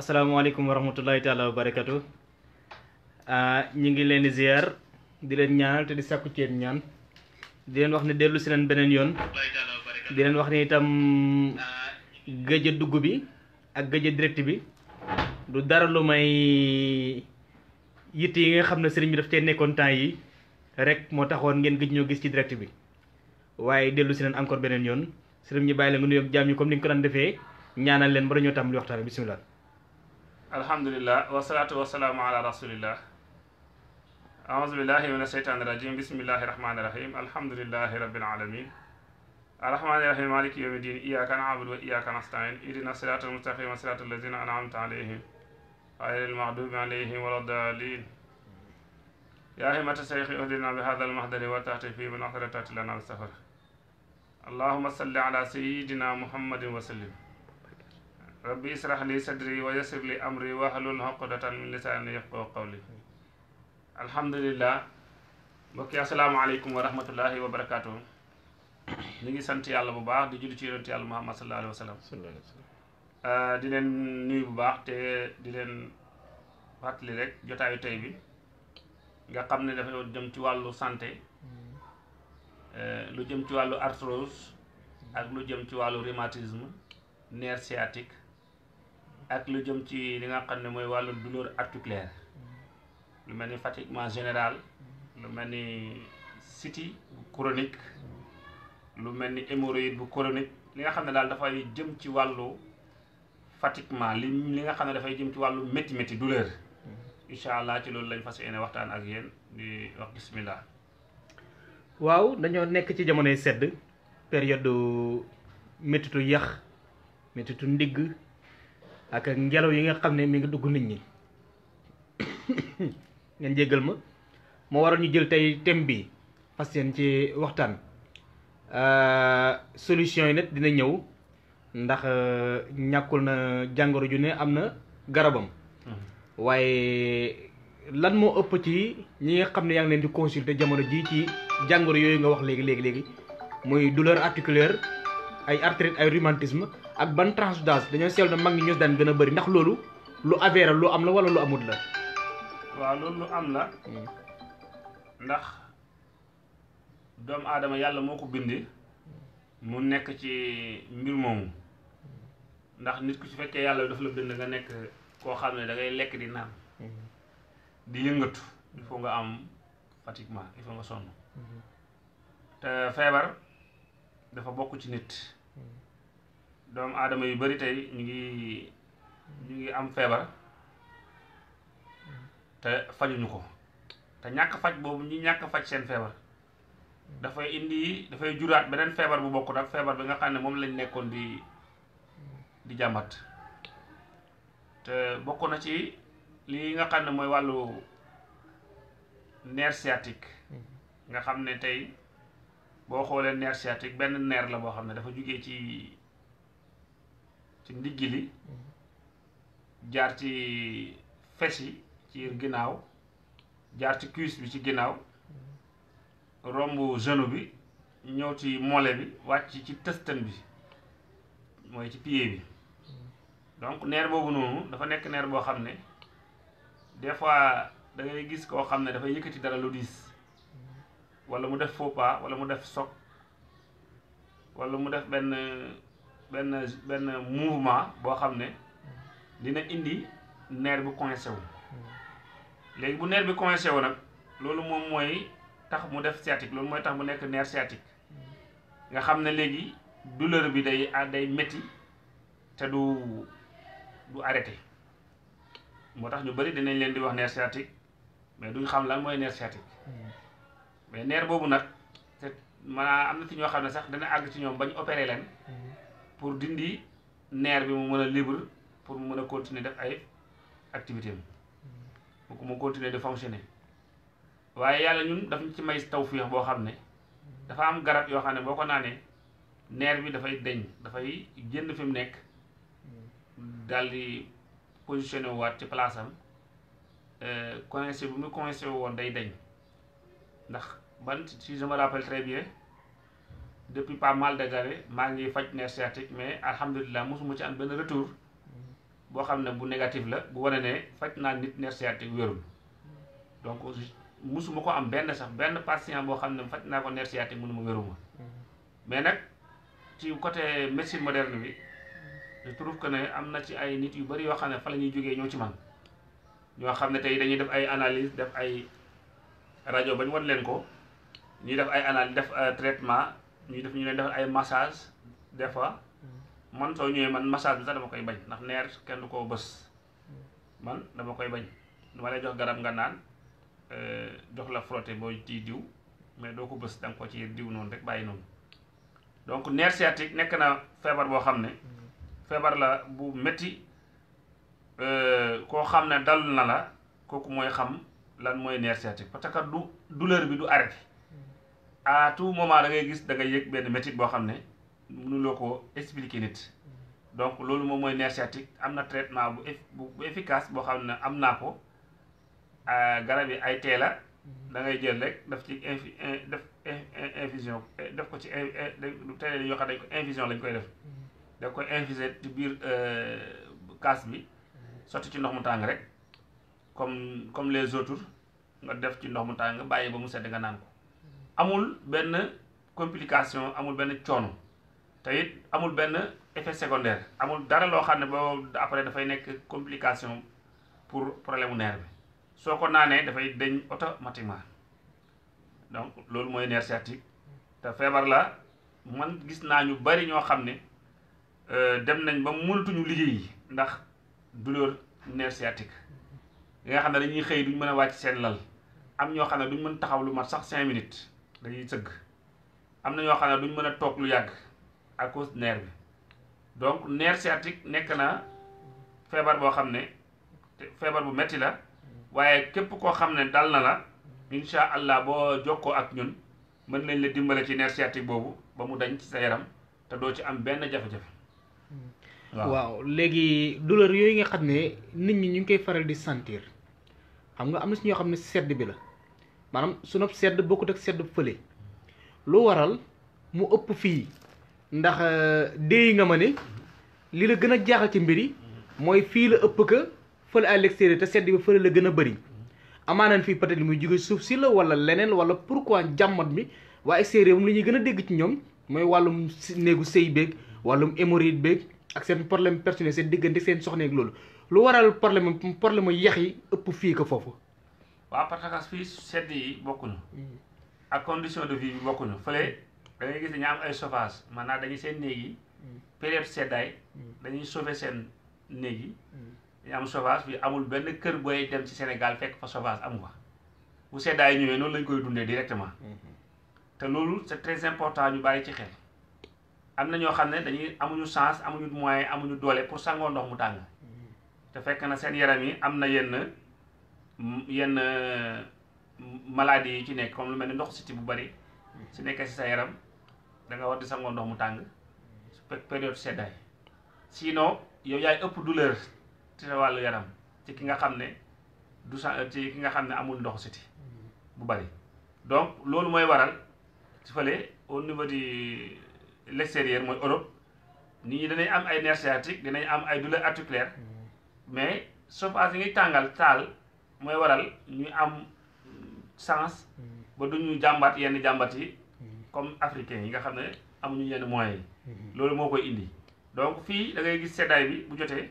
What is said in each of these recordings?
asalaamaaleykum wa rahmatullahi taala wa ah, ñu ngi leen di ziar di leen ñaanal te di sàkku ceeb ñaan di leen wax ne dellu si leen beneen yoon di leen wax ni itam gëj a dugg bi ak gëj direct bi du dara lu may yitte yi nga xam ne sëriñ bi daf cee nekkoon temps yi rek moo taxoon ngeen gëj ñoo gis ci direct bi waaye dellu si leen encore beneen yoon sëriñ ñu bàyyi la nga nuyoog jaam ñu comme ni nga ko daan defee ñaanal leen ba dañoo tam waxtaan bi bisimilah. alhamdulilah wasalaatu wasalaamu ala rasulillah aousubillahi min asheytaani irajim bismillahi rahmaani rahim alhamdulilahi rabbil alamin arrahmaani rahim maliki yawmi din iyyaka na'budu wa iyyaka nasta'in ihdina siraatal mustaqima siraatal lazina an'amta alayhim ghayril maghdubi alayhim waladdaalin yaa himmata shaykhi uhdina bi hadha almahdari wa tahti fi min ahdara tahti lana safar allahumma salli ala sayyidina muhammadin wa sallim rabbi israh li sadri wa yassir li amri wahlul uqdatan min lisani yafqahu qawli alhamdulillah mbokki asalaamaaleykum wa rahmatullahi wa barakaatuhu ñu ngi sant yàlla bu baax di julli ci yonent yàlla muhammad sallallahu alayhi wa sallam ah, di leen nuyu bu baax te di leen fàttali rek jotaayu tey bi nga xam ne dafa jëm ci wàllu santé eh, lu jëm ci wàllu arthrose ak lu jëm ci wàllu rhumatisme nerf sciatique ak lu jëm ci li nga xam ne mooy wàllu douleur articulaire lu mel ni fatiguement général lu mel ni city bu chronique lu mel ni hémorroïde bu chronique li nga xam ne daal dafay jëm ci wàllu fatiguement li li nga xam ne dafay jëm ci wàllu métti métti douleur incha allah ci loolu lañ fas yéene waxtaan ak yéen di wax bismillah waaw dañoo nekk ci jamonoy sedd période méttitu yax méttitu ndigg ak ngelaw yi nga xam ne mi ngi dugg nit ñi ngeen jéggal ma moo waroon ñu jël tey thème bi fas yéen ci waxtaan euh, solution yi nag dina ñëw ndax euh, ñàkkul na jàngoro ju ne am na garabam mm-hmm. waaye lan moo ëpp ci ñi nga xam ne yaa ngi leen di consulter jamono ji ci jàngoro yooyu nga wax léegi léegi léegi muy douleur articulaire ay arthrite ay rhumatisme ak ban tranche d'âge dañoo seetlu ne mag ñi ñoo daan gën a bëri ndax loolu lu avéré lu am la wala lu amut la. waaw loolu lu am la. Hmm. ndax doomu aadama yàlla moo ko bindi mu nekk ci mbir moomu ndax nit ku su fekkee yàlla dafa la bind nga nekk koo xam ne dangay ngay lekk di naan. Hmm. di yëngatu il faut nga am pratiquement il faut nga sonn hmm. te feebar. dafa bokk ci nit doomu aadama yu bari tey ñu ngi ñu ngi am feebar te fajuñu ko te ñàkk faj boobu ñi ñàkk faj seen feebar dafay indi dafay juraat beneen feebar bu bokkut ak feebar bi nga xam ne moom lañ nekkoon di di jàmbat te bokk na ci lii nga xam ne mooy wàllu nerf sciatique nga xam ne tey boo xoolee nerf sciatique benn neer la boo xam ne dafa jugee ci ci ndigg li jaar ci fes yi ci ginnaaw jaar ci cuisse bi ci ginnaaw romb genou bi ñëw ci mollet bi wàcc ci tëstan bi mooy ci pie bi donc neer boobu noonu dafa nekk neer boo xam ne des fois da ngay gis koo xam ne dafay yëkkati dara lu diis wala mu def faux pas wala mu def soc wala mu def benn benn benn mouvement boo xam ne dina indi neer bu coincé wu léegi bu neer bi coincé wu nag loolu moom mooy tax mu def sciatique loolu mooy tax mu nekk neer sciatique nga xam ne léegi douleur bi day ah, day métti te du du arrêté moo tax ñu bëri dinañ leen di wax nerf sciatique mais duñ xam la mooy nerf sciatique mais nerf boobu nag te maanaam am na ci ñoo xam ne sax dana àgg ci ñoom ba ñu leen pour dindi neer bi mu mën a libre pour mu mën a continuer def ay activité am mu mu continuer de fonctionner waaye yàlla ñun daf ñu ci may tawfiix boo xam ne dafa am garab yoo xam ne boo ko naanee neer bi dafay deñ dafay génn fi mu nekk daal di positionné waat ci place am euh, coincé bu mu coincé woon day deñ ndax man ci je me rappelle très bien depuis pas mal de années maa ngi faj nerf mais alhamdulilah mosuma ci am benn retour boo xam ne bu négatif la bu wane ne faj naa nit nerf sciatique wérul donc musuma ko am benn sax benn patient boo xam ne faj naa ko nerf sciatique mënuma wéruma mais nag ci côté médecine moderne bi je trouve que ne am na ci ay nit yu bari yoo xam ne fa la ñuy jógee ñoo ci man ñoo xam ne tey dañuy def ay analyse def ay rajo bañ wan ko ñuy def ay analyse def euh, traitement ñuy def ñu leen def ay massage des fois man soo ñëwee man massage bi sax dama koy bañ ndax neer kenn du ko bës man dama koy bañ dama lay jox garab nga naan euh, jox la frotté boo ciy diw mais doo ko bës da nga ko ci diw noonu rek bàyyi noonu donc nerf sciatique nekk na feebar boo xam ne feebar la bu métti euh, koo xam ne dal na la kooku mooy xam lan mooy nerf sciatique parce que du douleur bi du arrêté à tout moment da ngay gis dangay ngay yëg benn métit boo xam ne mënuloo ko expliquer nit donc loolu moom mooy nerf sciatique am na traitement bu bu efficace boo xam ne am naa ko garab yi ay tee la da ngay jël rek daf ci infi def infusion def ko ci teel yoo xam ne dañ ko infusion lañ koy def daf koy infuser ci biir euh, cas bi sotti ci ndox mu tàng rek comme comme les autres nga def ci ndox mu tàng bàyyi ba mu sedd nga naan ko amul benn complication amul benn coono te it amul benn effet secondaire amul dara loo xam ne boo après dafay nekk complication pour problème nerf bi soo ko naanee dafay deñ automatiquement donc loolu mooy nerf sciatique te feebar la man gis naa ñu bari ñoo xam ne euh, dem nañ ba mënatuñu liggéey yi ndax douleur nerf sciatique yi nga xam ne dañuy xëy duñ mën a wàcc seen lal am ñoo xam ne duñ mën taxaw lu mat sax cinq minutes dañuy sëgg am na ñoo xam ne duñ mën a toog lu yàgg à cause nerf bi donc nerf sciatique nekk na feebar boo xam ne feebar bu metti la waaye képp koo xam ne dal na la incha allah boo jokkoo ak ñun mën nañ la dimbale ci nerf sciatique boobu ba mu dañ ci sa yaram te doo ci am benn jafe-jafe. waaw léegi douleur yooyu nga xam ne nit ñi ñu ngi koy faral di sentir xam nga am na si ñoo xam ne sedd bi la. maanaam sunub sedd bokkut ak sedd fële lu waral mu ëpp fii ndax euh, déy nga ma ne li la gën a jaaxal ci mbir yi mooy fii la ëpp ka fële à l'extérieur te sedd bi fële la gën a bëri amaanan fii peut-être muy jóge suuf si la wala leneen wala pourquoi jàmmat bi waa extérieur moom li ñuy gën a dégg ci ñoom mooy wàllum néegu sëy beeg wàllum hémorroïde beeg ak seen problème personnel seen diggante seen soxneeg loolu lu waral problème problème yax yi ëpp fii ko foofu waaw parce que fii sedd yi bokkuñu hmm. ak condition de vie bi bokkuñu fële da ngay gis dañu am ay chauffage maanaam dañuy seen néeg yi hmm. période seddaay hmm. dañuy sauver seen néeg yi dañu am chauffage bi amul benn kër booy dem ci Sénégal fekk fa chauffage amu fa bu seddaay ñëwee noonu lañ koy dundee directement te loolu c'est très important ñu bàyyi ci xel am na ñoo xam ne dañuy amuñu chance amuñu moyen amuñu doole pour sangoo ndox mu tàng te fekk na seen yaram yi am na yenn yenn maladies yi ci nekk comme lu mel ni ndox siti bu bari mm-hmm. su nekkee si sa yaram danga war di sangoo ndox mu tàng su période seddaay sinon yow yaay ëpp douleur ci sa wàllu yaram ci ki nga xam ne du sa ci ki nga xam ne amul ndox siti mm-hmm. bu bari donc loolu mooy waral su fële au niveau du l'extérieur mooy Europe nit ñi danañ am ay nerf sciatique dinañ am ay douleur articulaire mm-hmm. mais chauffage yi ngi tàngal taal mooy waral ñu am chance mm-hmm. ba duñu jàmbat yenn jàmbat yi mm-hmm. comme africain yi nga xam ne amuñu yenn moyen yi mm-hmm. loolu moo koy indi donc fii da ngay gis seddaay bi bu jotee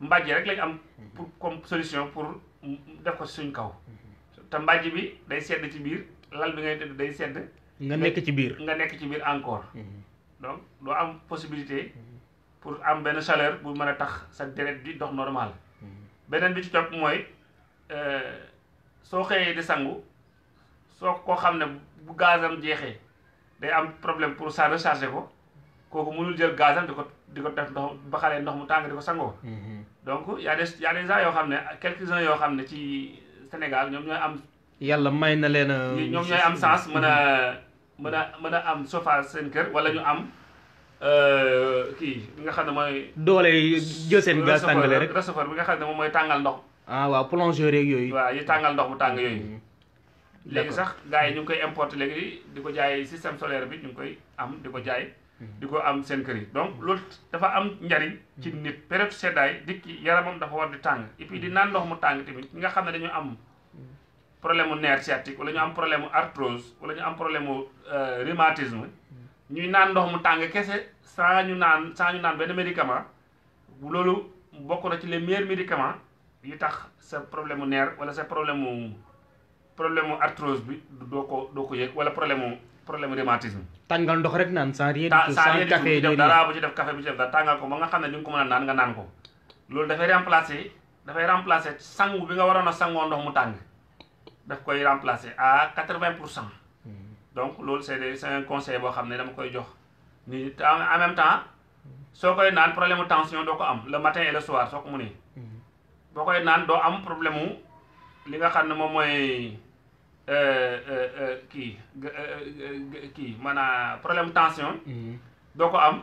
mbàjj rek lañ am pour comme solution pour def suñ kaw te mbàjj bi day sedd ci biir lal bi ngay tëdd day sedd nga nekk ci biir nga nekk ci biir encore donc doo am possibilité pour am benn chaleur bu mën a tax sa deret di dox normal beneen bi ci mooy Euh, soo xëyee di sangu soo koo xam ne bu gazam jeexee day am problème pour ça recharger ko kooku mënul jël gazam di ko di ko def ndox ba xalee ndox mu tàng di ko sangoo. Mm-hmm. donc y a des y a yoo xam ne quelques-uns yoo xam ne ci Sénégal ñoom ñooy am. yàlla may na leen euh, ñoom ñooy am sens mën a mm-hmm. mën a mën a am sofa seen kër wala ñu am euh, kii bi nga xam ne mooy. doole yi jël seen gaz tàngale rek recevoir bi nga xam ne mooy tàngal ndox. ah waaw plongeur yeeg yooyu. waaw yu tàngal ndox bu tàng yooyu. Mm-hmm. léegi sax gars yi ñu ngi koy importer léegi di ko jaay système solaire bi ñu ngi koy am di ko jaay. Mm-hmm. di ko am seen kër yi donc loolu dafa am njariñ ci mm-hmm. nit période seddaay dikk yaramam dafa war di tàng et puis di naan ndox mu tàng tamit ñi nga xam ne dañu am problème mu nerf sciatique wala ñu am problème mu arthrose wala ñu am problème mu euh, rhumatisme ñuy naan ndox mu tàng kese saa ñu naan sans ñu naan benn médicament loolu bokk na ci les meilleurs médicaments yu tax sa problème mu nerf wala sa problème mu problème mu arthrose bi doo ko doo ko yëg wala problème mu problème mu rhumatisme. tàngal ndox rek naan sans rien du tout sans café def dara bu ci def café bu ci def dara tàngal ko ba nga xam ne di ko mën a naan nga naan ko loolu dafay remplacer dafay remplacer sangu bi nga waroon a sangoo ndox mu tàng daf koy remplacer à quatre-vingt pour cent. donc loolu c'est des c'est conseil boo xam ne dama koy jox ni en même temps soo koy naan problème mu doo ko am le matin et le soo ko mënee. boo koy naan doo am problème li nga xam ne moom mooy euh, euh, euh, kii kii maanaam problème tension mm-hmm. doo ko am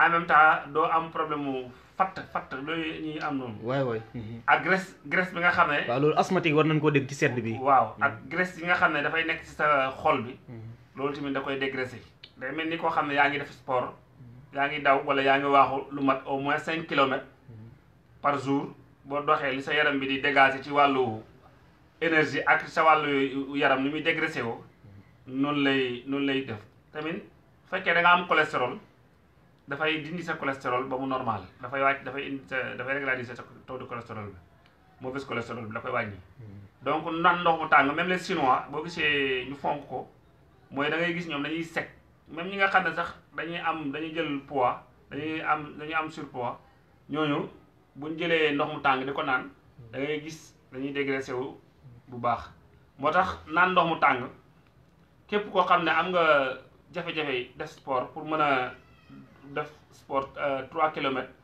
en même temps doo am problème mu fatt fatt loolu ñuy am noonu waay waay mm-hmm. ak graisse graisse bi nga xam ne waaw loolu asthmatique war nañ koo dem ci sedd bi waaw mm-hmm. ak graisse yi nga xam ne dafay nekk ci sa xol bi loolu tamit da koy dégraisser day mel ni koo xam ne yaa ngi def sport yaa ngi daw wala yaa ngi waaxu lu mat au moins cinq kilomètres par jour boo doxee li sa yaram bi di dégager ci wàllu énergie ak sa wàllu yaram ni muy dégraissé woo noonu lay noonu lay def tamit fekkee da am cholestérol dafay dindi sa cholestérol ba mu normal dafay wàcc dafay indi sa dafay régulariser sa taux de cholestérol bi moo mauvaise cholestérol bi da koy wàññi. Hmm. donc nan ndox mu tàng même les chinois boo gisee ñu fonk ko mooy da ngay gis ñoom dañuy sec même ñi nga xam ne sax dañuy am dañuy jël pois dañuy am dañuy am surpoids ñooñu. buñ jëlee ndox mu tàng di ko naan da ngay gis dañuy dégraissé wu bu baax moo tax naan ndox mu tàng képp koo xam ne am nga jafe-jafe def sport pour mën a def sport euh, trois kilomètres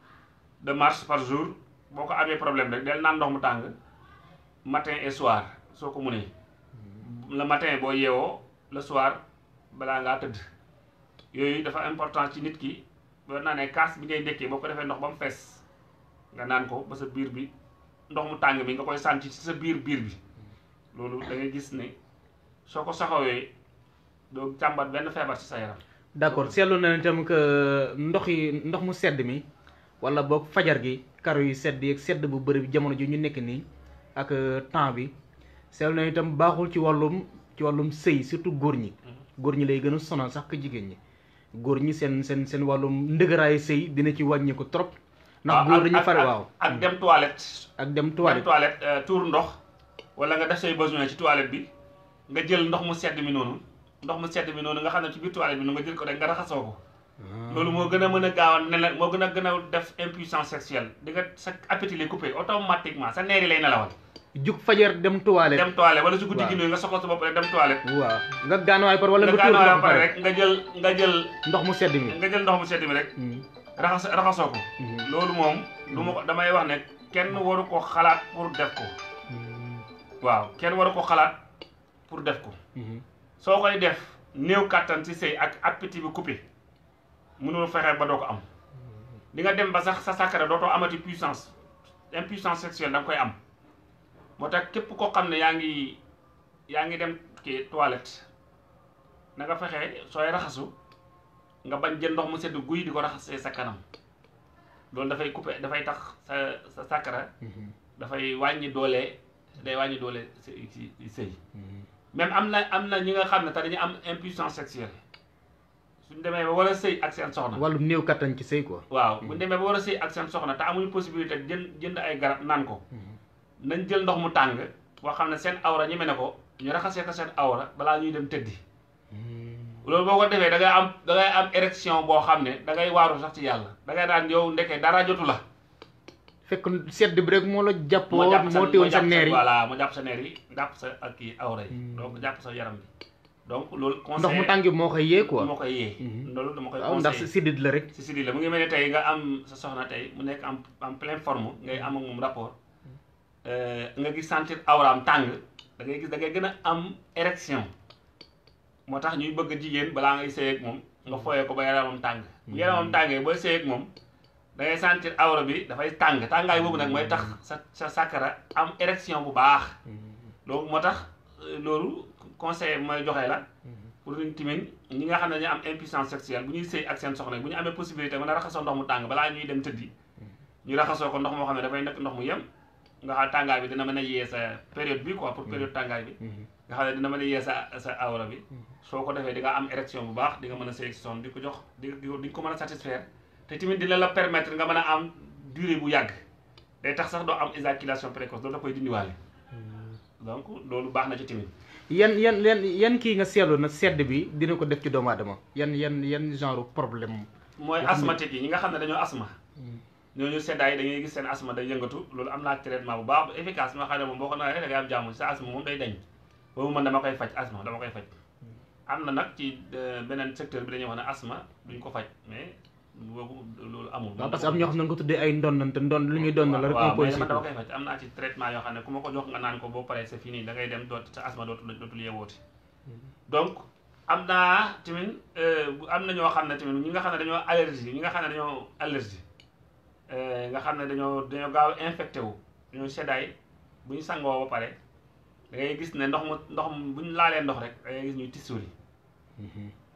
de marche par jour boo ko amee problème rek del naan ndox mu tàng matin et soir soo ko munee le matin boo yeewoo le soir balaa ngaa tëdd yooyu dafa important ci nit ki boo naanee kaas bi ngay dékkee boo ko defee ndox ba mu fees nga naan ko ba sa biir bi ndox mu tàng mi nga koy sànti ci sa biir biir bi loolu da gis ne soo ko saxawee doo càmbat benn feebar ci sa yaram. d'accord seetlu na tam que ndox yi ndox mu sedd mi wala boog fajar gi karo yu sedd yeeg sedd bu bëri jamono ji ñu nekk nii ak euh, temps bi seetlu na itam baaxul ci wàllum ci wàllum sëy surtout góor ñi. Mm-hmm. góor ñi lay gën sonal sax que jigéen ñi góor ñi seen seen seen wàllum ndëgëraayu sëy dina ci wàññeeku trop. ndax ah, góor dañuy fare waaw ak dem toilette. ak dem toilette dem toilette euh, tuur ndox. wala nga def say besoin ci toilette bi nga jël ndox mu sedd mi noonu ndox mu sedd mi noonu nga xam ne ci biir toilette bi nga jël ko rek nga raxasoo ah. loolu moo gën a mën a gaaw moo gën a gën a def impuissance sexuelle di nga sa appétit lay coupé automatiquement sa neer yi lay nelawal. jug fajar dem toilette dem toilette wala su guddi gi nga soxla sa bopp rek dem toilette. waaw nga gaanuwaay par wala nga tuur ndox pare rek nga jël nga jël. ndox mu sedd mi nga jël ndox mu sedd mi rek. Hmm. raxas raxasoo ko. Mhm. loolu moom lu mhm. ma ko damay wax ne kenn waru ko xalaat pour def ko. Mhm. waaw kenn waru ko xalaat pour def ko. soo koy def néew kàttan ci sëy ak appétit bi coupé mënuloo fexe ba doo ko am. di nga dem ba sax sa sàkkara dootoo amati puissance impuissance sexuelle da nga koy am moo tax képp koo xam ne yaa ngi yaa ngi dem kii toilette na nga fexe sooy raxasu. nga bañ jël ndox mu sedd guy di ko raxasee sa kanam loolu dafay couper dafay tax sa sa sàkkara mhm. dafay wàññi doole day wàññi doole ci sëy mhm. même am na am na ñi nga xam ne te dañu am impuissance sexuelle suñ demee ba war a sëy ak seen soxna néew kattan ci sëy quoi waaw buñ mhm. demee ba war a sëy ak seen soxna te amuñu possibilité jën jënd ay garab naan ko nañ jël ndox mu tàng boo xam ne seen awra ñeme ne ko ñu raxasee ko seen awra balaa ñuy dem tëddi loolu boo ko defee da am da am érection boo xam ne dangay ngay waaru sax ci yàlla da ngay daan yow ndeke dara jotu la. fekk sedd bi rek moo la jàpp. moo jàpp sa moo teewoon sa neer yi voilà moo jàpp sa neer yi ak kii awra yi. Hmm. donc jàpp sa yaram bi. donc loolu conseil ndox moo koy yee quoi moo koy yee. Hmm. loolu dama koy conseillé ndax si sidit la rek. si sidit la mu ngi mel tey nga am sa soxna tey mu nekk en en pleine forme ngay am ak moom rapport hmm. euh, nga gis sentir am tàng da ngay gis da ngay gën a am érection. moo tax ñuy bëgg jigéen balaa ngay sëy moom nga mm-hmm. fooyee ko ba yaramam tàng bu mm-hmm. yaramam tàngee booy moom da ngay sentir bi dafay tàng tàngaay boobu nag mooy mm-hmm. tax sa sa sàkkara am érection bu baax loolu moo tax euh, loolu conseil mooy joxe la pour ñu timin ñi nga xam ne ñu am impuissance sexuelle bu ñuy sëy ak seen soxna bu ñu amee possibilité mën a raxasoo ndox mu tàng balaa ñuy dem tëddi ñu raxasoo ko ndox moo xam ne dafay nekk ndox mu yem nga xam tàngaay bi dana mën a yee sa période bi ko pour période tàngaay bi nga xam ne dina mën a yee sa sa awra bi mm-hmm. soo ko defee di nga am érection bu baax di nga mën a sélection di ko jox di nga ko mën a satisfaire te tamit dina la permettre nga mën a am durée bu yàgg day tax sax doo am éjaculation précoce loolu da koy dindiwaale mm-hmm. donc loolu baax na ci tamit. yan yan yan yan kii nga seetlu na sedd bi dina ko def ci doomu aadama yan yan yan genre problème mooy asthmatique yi ñi nga xam ne dañoo asthme mm-hmm. ñooñu seddaay da ngay gis seen asthme day yëngatu loolu am naa traitement bu baax bu efficace bi nga xam ne moom boo ko naanee da ngay am jàmm sa asthme moom day dañ boobu man dama koy faj asma dama koy faj hmm. am na nag ci euh, beneen secteur bi dañuy wax ne asma duñ ko faj mais boobu loolu amul. parce que am ñoo xam ne tuddee ay ndondon te ndond lu ñuy dond la rek. waaw mais ne ku ma ko jox nga naan ko boo paree c'est fini da ngay dem doot sa asma dootul dootul hmm. euh, am na ñoo xam ne tamit ñi nga xam ne dañoo allergie ñi nga xam ne dañoo allergie euh, nga xam ne dañoo dañoo gaaw infecté wu dañoo seddaay bu ñu sangoo ba pare da ngay gis ne ndox mu ndox mu bu ñu laalee ndox rek da ngay gis ñuy tisóoli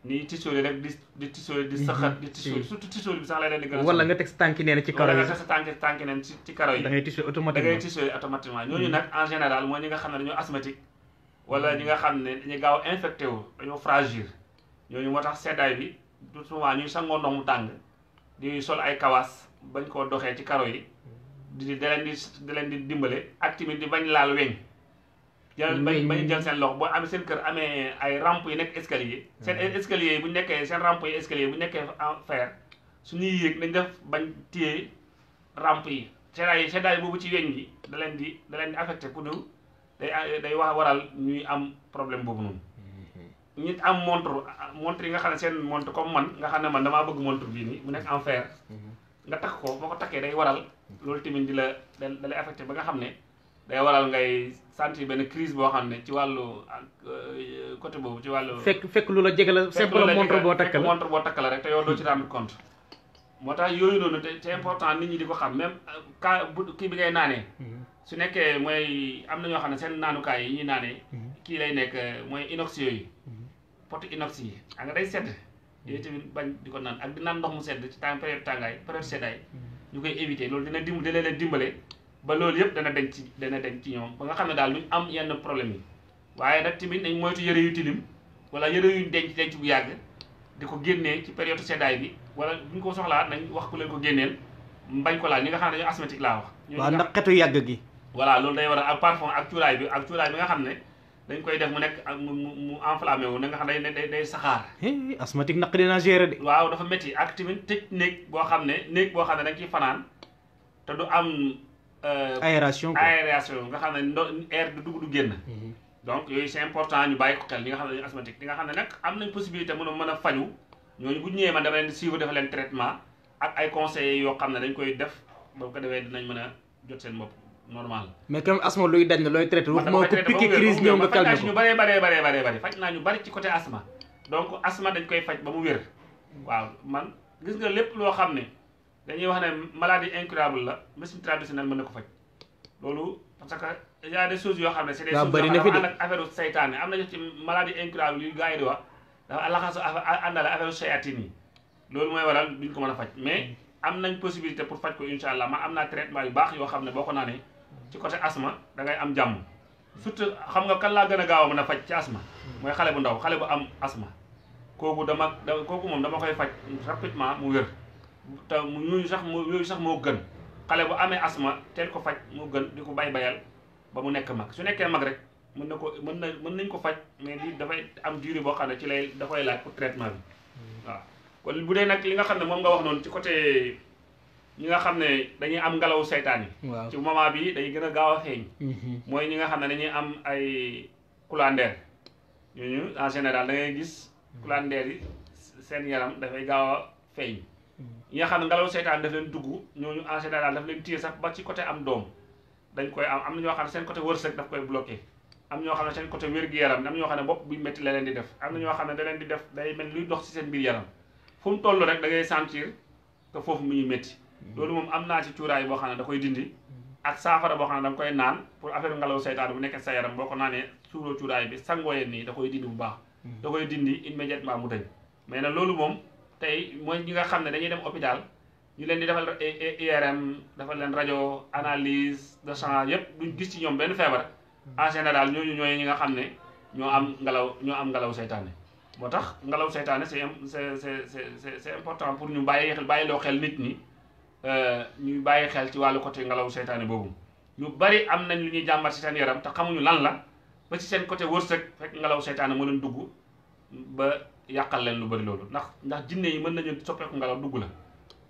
nii tisóoli rek di di tisóoli di saxat di tisóoli surtout tisóoli bi sax lay leen di gën a nga teg sa tànki neen ci karaw yi wala nga teg sa tànki tànki neen ci ci karaw yi automatiquement ñooñu mm-hmm. nag en général mooy ñi nga xam ne dañoo asthmatique wala ñi nga xam ne dañu gaaw infecté wu dañoo fragile ñooñu moo tax seddaay bi du souvent ñuy sangoo ndox mu tàng di sol ay kawaas bañ koo doxee ci karo yi di da leen di da leen di dimbale ak tamit di bañ laal weñ jël bañ bañ jan seen loxo boo amee seen kër amee ay rampe yi nekk escalier seen escalier yi bu ñu nekkee seen rampe yi bu ñu nekkee en fer suñuy yéeg dañ def bañ téye rampe yi seddaay seddaay boobu ci weñ gi da leen di da leen di affecté ku du day day wax waral ñuy am problème boobu noonu ñi mm-hmm. am montre montre yi nga xam ne seen montre comme man nga xam ne man damaa bëgg montre bii nii mu nekk en fer mm-hmm. nga takk ko boo ko takkee day waral mm-hmm. loolu tamit di la da lay affecté nga xam ne day waral ngay sant yi benn crise boo xam ne ci wàllu ak euh, côté boobu ci wàllu. fekk fekk lu la jege la. fekk lu la montre boo takk la boo takk la rek te yow doo ci rendre compte. moo tax yooyu noonu te important nit ñi di ko xam même euh, ka bu kii bi ngay naanee. Mhm. su nekkee mooy am na ñoo xam ne seen naanukaay yi ñuy naanee. Mhm. kii lay nekk euh, mooy inox yooyu. Mhm. pot inox yi a nga day sedd. yooyu tamit bañ di ko naan ak di naan ndox mu sedd ci temps tàngaay période seddaay. ñu koy éviter loolu dina dimbali dina leen dimbale. ba loolu yëpp dana denc dana denc ci ñoom ba nga xam ne daal duñ am yenn problème yi waaye nag tamit dañ moytu yëre yu tilim wala yëre yuñ denc denc bu yàgg di ko génnee ci période seddaay bi wala duñ ko soxlaa nañ wax ku leen ko génneel mbañ ko laa ñi nga xam ne dañoo asthmatique laa wax. waaw ndax xetu yàgg gi. voilà loolu day war a ak parfum ak cuuraay bi ak cuuraay bi nga xam ne dañ koy def mu nekk mu mu enflammé wu na xam ne day day saxaar. asthmatique naq dina gérer de. waaw dafa métti ak tamit tëj néeg boo xam ne néeg boo xam ne dañ ciy fanaan te du am Euh, aération aération nga xam ne ndo air du dugg du génn. Mhm. donc yooyu c'est important ñu bàyyi ko xel ñi nga xam ne dañu asthmatique ñi nga xam ne nag am nañ possibilité mën a mën a faju ñooñu bu ñu ñëwee man leen di suivre def leen traitement ak ay conseillers yoo xam ne dañ koy def ba ko defee dinañ mën a jot seen mopp normal. mais comme asthme luy daj na looy traité. wax moo ko piqué crise ñëw nga calmé ko ñu bëree bëree bëree bëri faj naa ñu bëri ci côté asthme donc asthme dañ koy faj ba mu wér waaw man gis nga lépp loo xam ne dañuy wax ne maladie incurable la médecine traditionnelle mën na ko faj loolu parce que y a des yoo xam ne c'est des choses yoo xam ne ak affaire saytaane am na ci maladie incurable yu gars yi di wax dafa laxasu àndale affaire loolu mooy waral duñ ko mën a faj mais am nañ possibilité pour faj ko insha allah ma am naa traitement yu baax yoo xam ne boo ko naanee ci côté asma dangay am jàmm surtout xam nga kan laa gën a gaaw a mën a faj ci asma mooy xale bu ndaw xale bu am asma kooku dama kooku moom dama koy faj rapidement mu wér te ñooñu sax moo sax moo gën xale bu amee asma teel ko faj moo gën di ko bay bayal ba mu nekk mag su nekkee mag rek mën na ko mën na mën nañ ko faj mais lii dafay am durée boo xam ne ci lay da koy laaj pour bi waaw kon bu dee nag li nga xam ne moom nga wax noonu ci côté ñi nga xam ne dañuy am ngelaw seytaan yi ci moment bi day gën a gaaw a xeeñ mm-hmm. mooy ñi nga xam ne dañuy am ay coulandeer ñooñu en général da ngay gis coulandeer yi seen yaram dafay gaaw a feeñ yaa xam ne ngelaw seytaan daf leen dugg ñooñu en général daf leen téye sax ba ci côté am doom dañ koy am am na ñoo xam ne seen côté wërsëg daf koy bloqué am ñoo xam ne seen côté wér yaram am ñoo xam ne bopp buy métti la di def am na ñoo ne da di def day mel luy dox ci seen biir yaram fu mu toll rek da ngay sentir que foofu mu ñu métti mm-hmm. loolu moom am naa ci cuuraay boo xam ne da koy dindi mm-hmm. ak saafara boo xam ne da koy naan pour affaire ngelaw seytaan bu nekk sa yaram boo ko naanee suuroo cuuraay bi sangooyeen nii da koy dindi bu baax mm-hmm. da koy dindi immédiatement mu dañ mais nag loolu moom tey mooy ñi nga xam ne dañuy dem hôpital ñu leen di defal e, e, IRM defal leen rajo analyse de sang yépp duñ gis ci ñoom benn feebar hmm. en général ñooñu ñooy ñi nga xam ne ñoo am ngelaw ñoo am ngelaw seytaane moo tax ngelaw seytaane c'est c'est c'est c'est important pour ñu bàyyi xel bàyyi loo xel nit ñi euh, ñu bàyyi xel ci wàllu côté ngelaw seytaane boobu ñu bari am nañ lu ñuy jàmbat ci seen yaram te xamuñu lan la ba ci seen côté wërsëg fekk ngelaw seytaane moo leen dugg yàqal leen lu bari loolu ndax ndax jinne yi mën nañu soppeeku ngelaw dugg la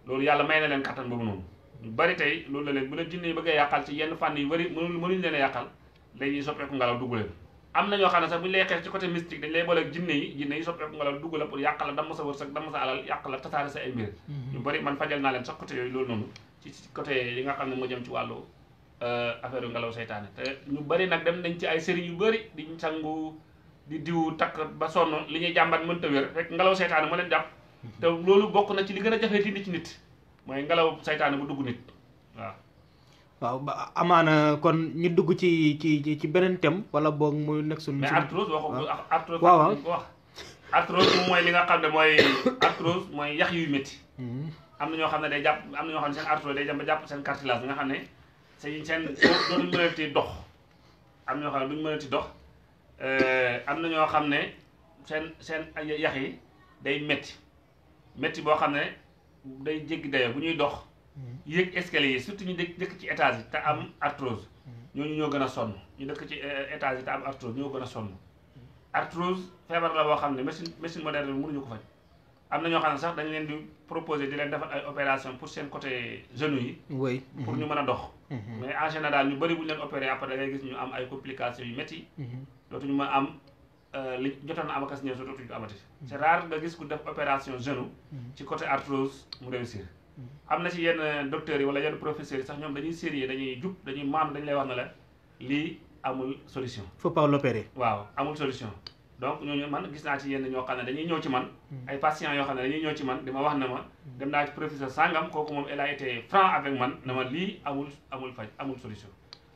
loolu yàlla may na leen kattan boobu noonu ñu bari tey loolu la leen bu leen jinne yi bëggee yàqal ci yenn fànn yu bari mënu mënuñu leen a yàqal dañuy soppeeku ngelaw dugg leen am na ñoo xam ne sax bu ñu ci côté mystique dañ lay boole jinne yi jinne yi soppeeku ngelaw dugg la pour yàq la damm sa wërsëg damm sa alal yàq la tasaare sa ay mhm. ñu bari man fajal naa leen sax côté di diw takk ba sonn li ñuy jàmbat mënta wér rek ngelaw seytaane moo leen jàpp te loolu bokk na ci li gën a jafee ci nit ci nit mooy ngelaw seytaane bu dugg nit waaw waaw amaana kon ñu dugg ci ci ci beneen thème wala boog muy nekk suñu. mais arthrose waxu arthrose waaw wax arthrose mooy li nga xam ne mooy arthrose mooy yax yuy métti hmm. am na ñoo xam ne day jàpp am na ñoo xam ne seen arthrose day dem ba jàpp seen cartilage bi nga xam ne seen seen dootuñu mënati dox am na ñoo xam ne duñu mënati dox Euh, am na ñoo xam ne seen seen yax yi day metti metti boo xam ne day jéggi dayo bu ñuy dox mm-hmm. yéeg escalier yi surtout ñu dëkk ci étage yi te am mm-hmm. arthrose mm-hmm. ñooñu ñoo gën a sonn ñu dëkk ci euh, étage yi am arthrose ñoo gën a sonn arthrose feebar la boo xam ne machine machine moderne bi mënuñu ko faj am na ñoo xam ne sax dañu leen di proposer di leen defal ay opération pour seen côté genou yi. oui pour ñu mën a dox. mais en général ñu bëri bu ñu leen opéré après da gis ñu am ay complications yu métti. dootuñu ma am euh, li jotoon na amakas ñëw dootuñu ko amati. Mm-hmm. c'est rare nga gis ku def opération genou. Mm-hmm. ci côté arthrose mu réussir. Mm-hmm. am na ci yenn euh, docteurs yi wala yenn professeurs yi sax ñoom dañuy sérieux dañuy jub dañuy maam dañu lay wax na la lii amul solution. faut pas l'opérer. waaw amul solution. donc ñooñu man gis naa ci yenn ñoo xam ne dañuy ñëw ci man. ay patients yoo xam ne dañuy ñëw ci man di ma wax ne ma. dem naa ci professeur sangam kooku moom elle a été man ne ma lii amul amul faj amul solution.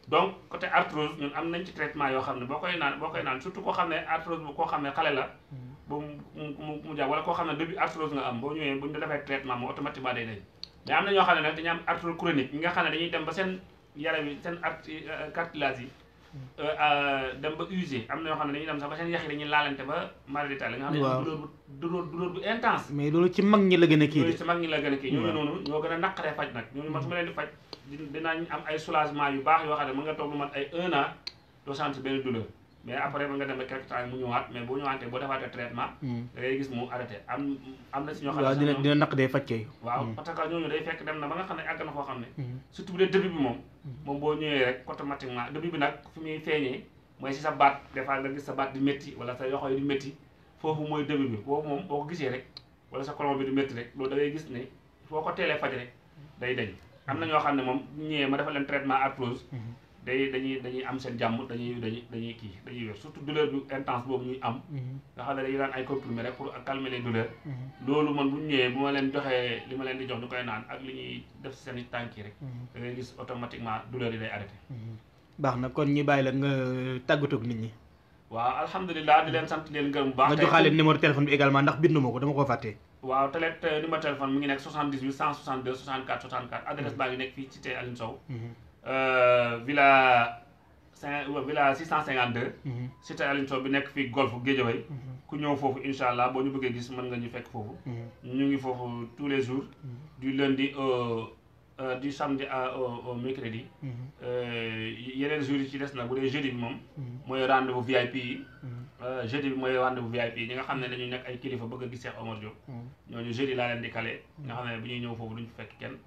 donc côté arthrose ñun am nañ ci traitement yoo xam ne boo koy naan boo koy naan surtout koo xam ne arthrose bu koo xam ne xale la. Mm. ba mu mu mu jàpp wala koo xam ne début arthrose nga am boo ñëwee bu ñu defee traitement mu automatiquement day dañ mais am ñoo xam ne nag dañu am arthrose xam ne dañuy dem ba seen yaram yi seen art euh, cartilage yi. Mm. Euh, dem ba na ñoo xam ne dem sax ba seen yax yi dañuy laalante ba mal d'état la nga xam ne douleur bu douleur douleur bu loolu ci mag ñi la gën a kii de. loolu ci mag ñi la gën a noonu ñoo gën a naqaree faj nag ñooñu man su ma leen faj dinañ am ay soulagement yu baax yoo xam ne mu nga toog lu mat ay un an doo sentir benn douleur mais après mën nga dem ba quelque temps mu ñëwaat mais boo ñëwaatee boo defaatee traitement. Hmm. da gis mu arrêté am am na si ñoo xam ne. waaw dina dina naq day fàccee. waaw hmm. parce que ñooñu day fekk dem na ba nga xam ne àgg na foo xam ne. Hmm. surtout bu dee début bi moom. moom boo ñëwee rek automatiquement début bi nag fi muy feeñee mooy si sa baat des fois nga gis sa baat di métti wala sa yoxo yi di métti foofu mooy début bi foofu boo gisee rek wala sa colon bi di rek loolu da ngay gis foo ko faj rek day am na ñoo xam ne moom ñëwee ma defal leen traitement arthrose mhm. day dañuy dañuy am seen jàmm dañuy dañuy dañuy kii dañuy wér surtout douleur bu intense boobu ñuy am mhm. nga xam ne dañuy daan ay comprimé rek pour calmer les mhm. loolu man bu ñu ñëwee bu ma leen joxee li ma leen di jox ñu koy naan ak li ñuy def seen i tànk rek da ngay gis automatiquement douleur yi day arrêté baax na kon ñu bàyyi la nga euh, tàggatoog nit ñi waaw alhamdulilah di leen sant leen gërëm bu baax nga joxaale numéro ko dama ko fàttee waaw te let eh, numéro téléphone mu ngi nekk 78 162 64 64 adresse baa ngi nekk fii ci cité mhm. euh, villa cinq villa 652. cité Aline Sow bi nekk fii golf Guédiawaye. Mhm. ku ñëw foofu incha allah boo ñu bëggee gis mën nga ñu fekk foofu. Mhm. ñu ngi foofu tous les jours. du lundi au. Euh, du samedi à au mercredi. Mhm. Euh, yeneen jours yi ci des na bu dee jeudi bi moom. Mhm. mooy rendez-vous VIP yi. Mhm. Euh, jeudi bi mooy rendez-vous VIP yi ñi nga xam ne dañuy nekk ay kilifa bëgg a gis Cheikh Omar Diop. ñooñu jeudi laa leen di kale. nga xam ne bu ñuy ñëw foofu duñ fekk kenn.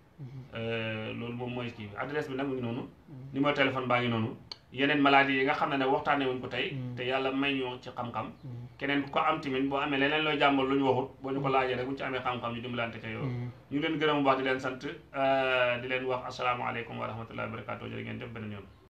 loolu moom mooy kii bi adresse bi nag mu ngi noonu. numéro téléphone baa ngi noonu. yeneen maladie yi nga xam ne ne waxtaanee wuñ ko tey mm. te yàlla may ñu ci xam-xam mm. keneen ko am tamit boo amee leneen looy jàmbal lu ñu waxut boo ñu ko mm. laajee rek bu ci amee xam-xam ñu dimbalante ca yooyu ñu ngi leen gërëm bu baax di leen sant euh, di leen wax asalaamaaleykum wa rahmatullahi wa barakatu jërë ngeen def beneen yoon